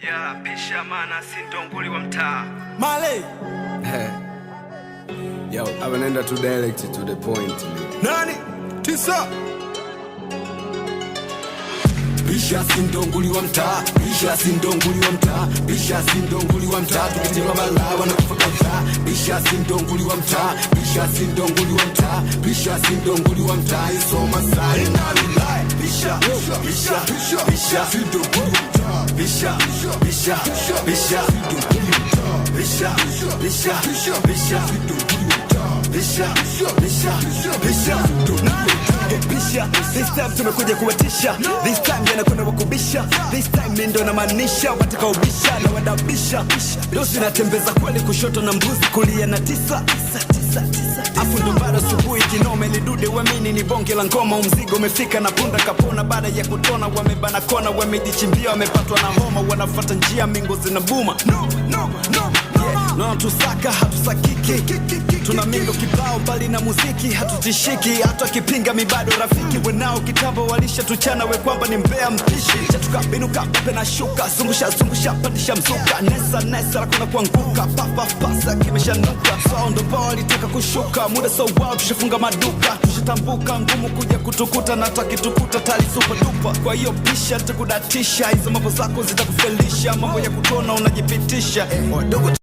ya pisha maana sintonguli wa mtaa Male Yo, abanaenda tu direct to the point. Nani? Tisa. Bisha sindonguli wa mtaa, bisha sindonguli wa mtaa, bisha sindonguli wa mtaa, tukitema malawa na kufa kadhaa. Bisha sindonguli wa mtaa, bisha sindonguli wa mtaa, bisha sindonguli wa mtaa, isoma sare na rulai. Bisha, bisha, bisha, bisha, sindonguli Bisha, Bisha, Bisha, Bisha, Bisha, tumekuja kuwatisha, yanakwenda wakubisha, this time mimi ndo namaanisha watakaobisha na wadabisha. Dosi natembeza kweli, kushoto na mbuzi, kulia na tisa, afu ndo mara asubuhi kinome lidude wamini ni bonge la ngoma, umzigo umefika na punda kapona. Baada ya kutona wamebana kona, wamejichimbia wamepatwa na homa, wanafuata njia mingo zina buma no, no, no, yeah. no, tusaka hatusakiki tuna mindo kibao, mbali na muziki hatutishiki, hata kipinga mibado rafiki wenao kitambo walisha tuchana we kwamba ni mbea mpishi chatuka binuka pepe na shuka zungusha zungusha pandisha mzuka nesa nesa lakuna kuanguka papapasa kimeshanuka sao ndo bao alitaka kushuka muda sawa kibao, tushafunga maduka, tushatambuka, ngumu kuja kutukuta, na takitukuta tali super duper. Kwa hiyo pisha takudatisha, hizo mambo zako zitakufelisha, mambo ya kutona unajipitisha, eh, oh,